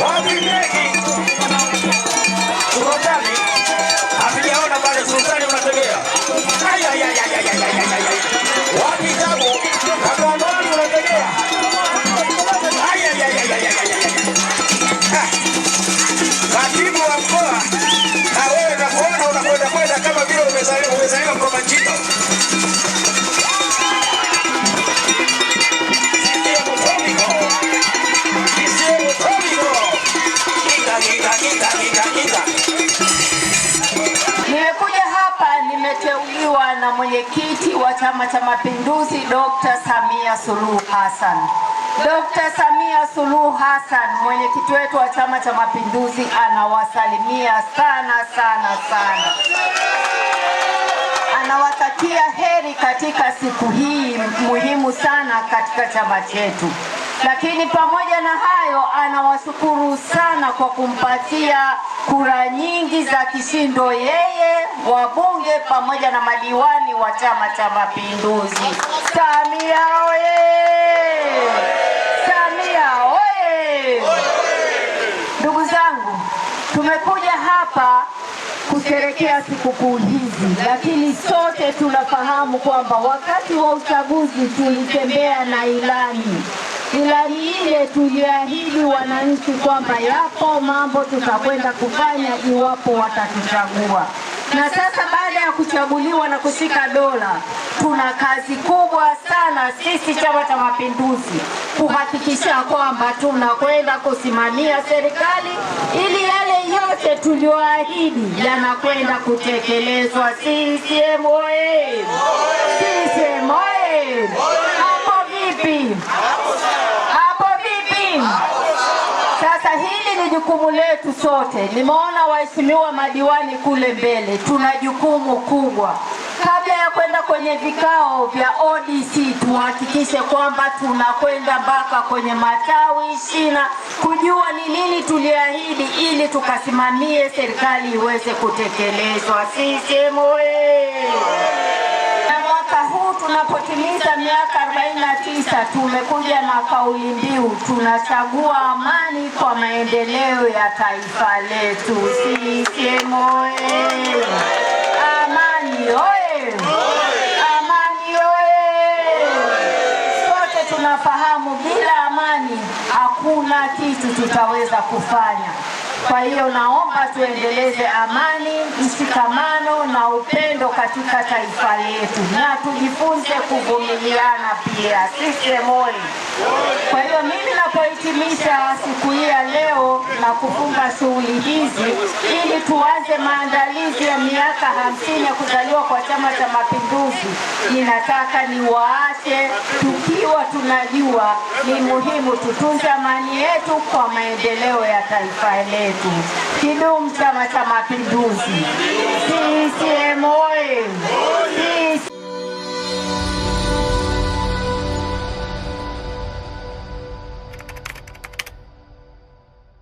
Kama vile umezaliwa kutoka Njito. Nimekuja hapa nimeteuliwa na mwenyekiti wa Chama cha Mapinduzi Dr. Samia Suluhu Hassan. Dr. Samia Suluhu Hassan, mwenyekiti wetu wa Chama cha Mapinduzi, anawasalimia sana sana sana anawatakia heri katika siku hii muhimu sana katika chama chetu. Lakini pamoja na hayo, anawashukuru sana kwa kumpatia kura nyingi za kishindo yeye, wabunge pamoja na madiwani wa Chama cha Mapinduzi. Samia oye! Samia oye! Ndugu zangu, tumekuja hapa kusherekea sikukuu hizi, lakini sote tunafahamu kwamba wakati wa uchaguzi tulitembea na ilani Ilani ile tuliahidi wananchi kwamba yapo mambo tutakwenda kufanya iwapo watatuchagua, na sasa baada ya kuchaguliwa na kushika dola, tuna kazi kubwa sana sisi Chama cha Mapinduzi kuhakikisha kwamba tunakwenda kusimamia serikali ili yale yote tuliyoahidi yanakwenda kutekelezwa. CCM oyee! jukumu letu sote. Nimeona waheshimiwa madiwani kule mbele, tuna jukumu kubwa kabla ya kwenda kwenye vikao vya ODC tuhakikishe kwamba tunakwenda mpaka kwenye matawi shina, kujua ni nini tuliahidi, ili tukasimamie serikali iweze kutekelezwa. CCM oyee! Na mwaka huu tunapotimiza miaka kabisa tumekuja na kauli mbiu, tunachagua amani kwa maendeleo ya taifa letu. CCM oye! Amani oye! Amani oye! Sote tunafahamu bila amani hakuna kitu tutaweza kufanya. Kwa hiyo naomba tuendeleze amani, mshikamano na upendo katika taifa letu na tujifunze kuvumiliana pia. Sisi oye! Kwa hiyo mimi napohitimisha siku hii ya leo na kufunga shughuli hizi ili tuanze maandalizi ya miaka hamsini ya kuzaliwa kwa Chama cha Mapinduzi, ninataka niwaache tu tukiwa tunajua ni muhimu tutunze amani yetu kwa maendeleo ya taifa letu. Kidumu Chama cha Mapinduzi! CCM